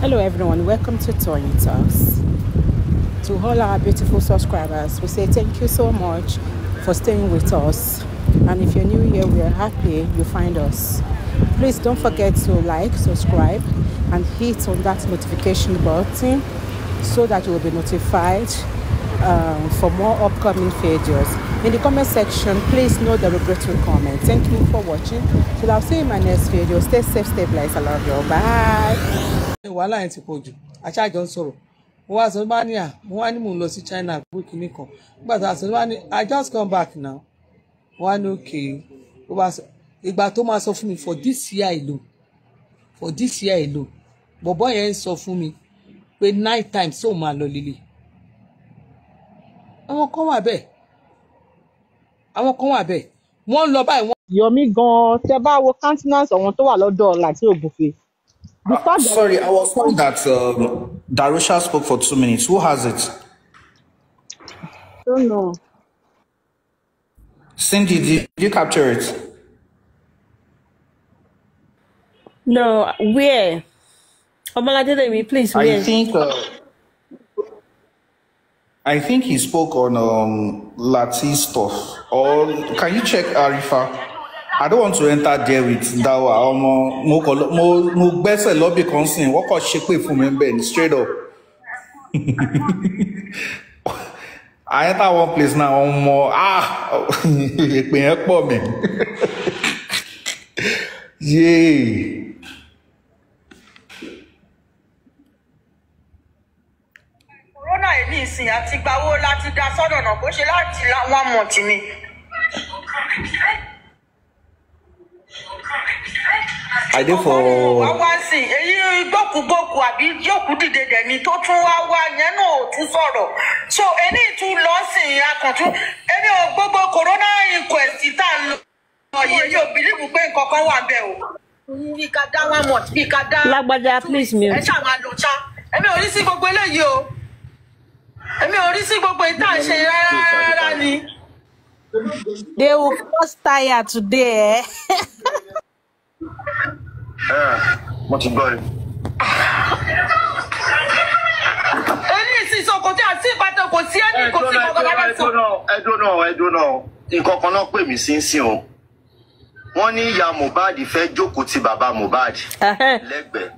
hello everyone welcome to Tony Talks to all our beautiful subscribers we say thank you so much for staying with us and if you're new here we are happy you find us please don't forget to like subscribe and hit on that notification button so that you will be notified um, for more upcoming videos. In the comment section, please note the regretful comment. Thank you for watching. Till I'll see you in my next video. Stay safe, stay blessed. I love you. Bye. wàhálà yẹn ti pọ̀ jù aṣáájọ ń sọ̀rọ̀ mo wá sọ bá China àbúrò kìíní kan nígbà I just come back now wá ní òkè ó bá sọ ìgbà for this year alone for this year alone bọ̀bọ̀ yẹn ń sọ fún mi pé nine times ó máa lọ àwọn kan wà bẹ́ẹ̀ àwọn kan wà bẹ́ẹ̀ wọ́n ń lọ báyìí wọ́n. Yomi gan tẹ bá wo countenance ọ̀wọ́n tó wà lọ́dọ̀ Láti Ògúnfe. Sorry, I was told that um, Darusha spoke for two minutes. Who has it? don't know. Cindy, did you capture it? No, where? Omoladele, please, where? I think. Uh, I think he spoke on um, Lati stuff. Or can you check Arifa? I don't want to enter there with dawa ọmọ mo kọ mo mo gbẹ́sẹ̀ lọbì kan sìn wọ́n kọ straight up. I enter one place now more ah èpè yẹn pọ̀ mi. yéé. ẹ̀ ní ìsìn àti gbawó láti dá sọ́dọ̀ náà kó ṣe láti láwọn mọ̀tì ni. àdé fọ. èyí gbókùgbókù àbí jókòó dìde dẹ̀ni tó tún wá wá yẹn náà ò tún sọ̀rọ̀ so ẹni ìtún lọ sí akọ̀tún ẹni ò gbogbo corona inquest tá a lọ ọ̀yẹ́ yóò bìlíìfù pé nǹkan kan wà bẹ́ẹ̀ o bí ká dá one month bí ká dá. lágbájá please mi. ẹ ṣáà máa lò ṣá ẹ̀mí ní sí gbogbo eléyìí o èmi ò rí gbogbo ìta ṣe rárá rárá ni. they will first tire today. Eh? Eh, mo ti gbọ́ ẹ. ẹni ìsinsìn kò tí a sí ìbátan kò sí ẹni kò sí kankan bá bá sọ. ẹdùn náà ẹdùn náà nǹkan kan náà pè mí sínsìn o wọ́n ní ìyá Mohbad fẹ́ jókòó ti bàbá Mohbad lẹ́gbẹ̀ẹ́.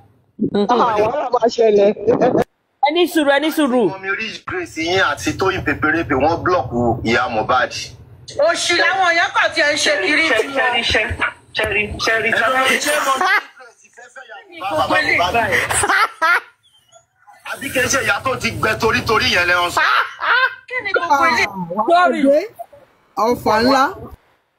àwọn ọmọ ah, máa ṣẹlẹ̀ ẹ ní sùúrù ẹ ní sùúrù. ọmọ mi rich grace yín àti tóyìn pèpèrèpè wọn búlọ̀kù ìyá Mohbad. oṣù làwọn èèyàn kan ti ń ṣe kiri tí wọn. ṣẹ́rí ṣẹ́rí ṣẹ́rí àbí kì í ṣe ìyá tó ti gbẹ torítorí yẹn lẹ́hìn sọ. kí ni gbogbo ilé. ọ̀fà ńlá.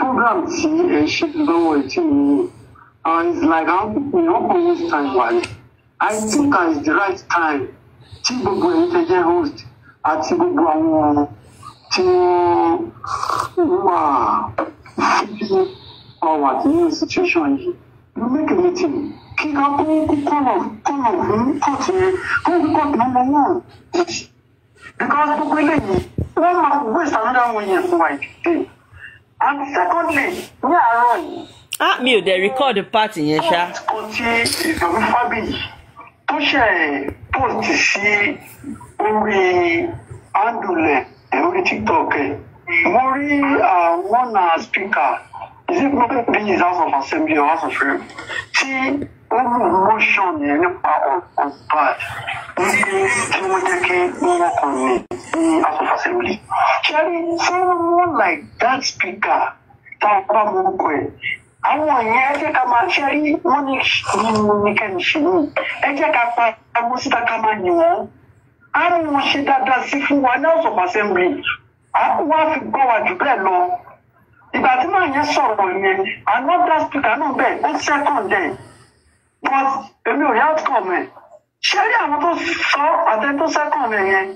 program tí ẹ ṣe lọ́wọ́ ètò yìí and it's like how you know go use time wáyé I think it's the right time tí gbogbo èyí tẹ jẹ́ host àti gbogbo àwọn tí wọ́n wà fífi ọwà tí ní situation yìí make a meeting kí ká kó kọ́nà kọ́nà fún kọ́ọ̀tù yẹn kó kọ́ọ̀tù nọ́mbà one because gbogbo eléyìí wọ́n máa gbé ìsàmúlẹ̀ àwọn èèyàn fún wa ìdílé and secondly ní àárọ̀ yìí. ah mi ò dẹ̀ rìkọ́ọ̀dù pààtì yẹn ṣá. kò tí ìsọ̀rọ̀ fábíyì tó ṣe post sí orí andulẹ̀ orí tiktok ẹ̀ mo rí àwọn ah, náà speaker is it not being his house of assembly or house of rep tí ó mú motion yẹn nípa ọ̀pá níbi tí wọ́n jẹ́ kí wọ́n kàn ní house of assembly ṣẹ́rí someone like that speaker tá a bá mú orúkọ ẹ̀ àwọn yẹn ẹ jẹ́ ká máa ṣẹ́rí wọ́n ní mímu ní kẹ́ni ṣe mí ẹ jẹ́ ká pa agbó síta ká máa yìn wọ́n á mú wọn ṣe dáadáa sí fún wa náà sọ̀pọ̀ assembly á kó wá fi gbọ́ wa jù bẹ́ẹ̀ lọ ìgbà tí màá yẹn sọ̀rọ̀ yẹn another speaker náà bẹ́ẹ̀ ó second dẹ̀ but èmi ò rí outcome ẹ̀ ṣẹ́rí àwọn tó sọ àtẹ́tọ́ second ẹ̀ eh. yẹn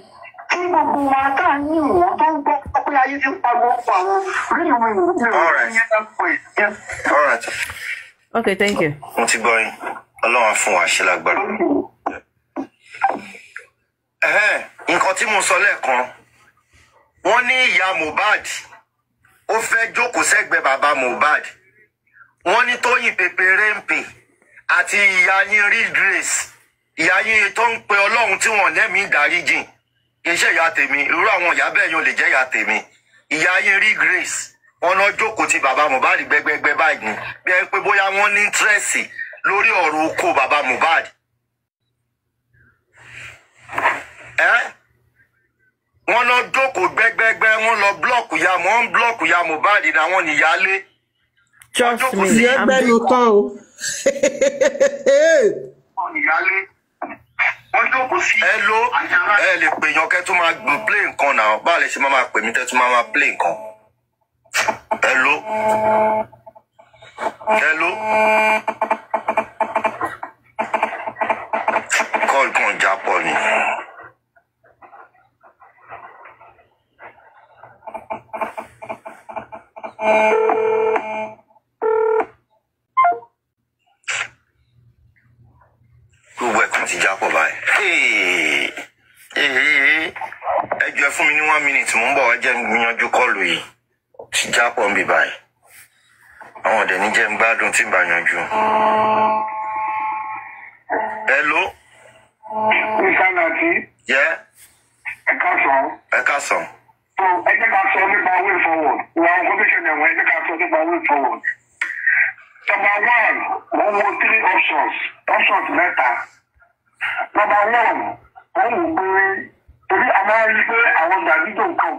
kí gbogbo Okay, thank you. Mo ti gbọ́ yín. Ọlọ́run fún wa ṣe lágbára. Nǹkan tí mo sọ lẹ́ẹ̀kan, wọ́n ní ìyá Mohbad, ó fẹ́ jókòó sẹ́gbẹ̀ẹ́ bàbá Mohbad. Wọ́n ní Tóyìn Pèpè Rẹ́ǹpè àti ìyá yín Reed Grace, ìyá yín tó ń pe Ọlọ́run tí wọ́n lẹ́mìí dáríjìn iṣẹ́ ìyá tèmi irú àwọn ìyá bẹ́ẹ̀ yóò lè jẹ́ ìyá tèmi ìyá yín rí grace wọn náà jókòó ti bàbá Mohbad gbẹgbẹgbẹ báyìí bí ẹ pé bóyá wọn ní tírẹsì lórí ọ̀rọ̀ oko bàbá Mohbad ẹ wọn náà jókòó gbẹgbẹgbẹ wọn lọ blọọkù ya wọn ń blọọkù ya Mohbad náà wọn nìyálé. trust me i'm joking. Hello. ló ẹ lè pè yan kẹ́ tó máa gbọ́n play nǹkan náà báà lè ṣe máa máa pè mí tẹ́ tó máa máa play nǹkan ẹ ló ẹ ló kọ́ọ̀lù ni. gbogbo ẹ̀kan ti já báyìí ẹ jọ̀ọ́ fún mi ní one minute mo ń bọ̀ wá jẹ́ ń gbìyànjú kọlù yìí ti jápọ̀ ń bì báyìí àwọn ọ̀dẹ̀ ní jẹ́ ń gbádùn tí ń bá yanjú. hello. ìsàlàtì. yẹ. ẹ ká sọ. ẹ ká sọ. so ẹ jẹ́ ká sọ nípa way forward ìwà àwọn kọ́míṣánná ẹ̀wọ̀n ẹ jẹ́ ká sọ nípa way forward. number one mo wo three options options mẹ́ta number one òun ò gbé torí a máa ń rí pé àwọn gbàgbé tó nǹkan.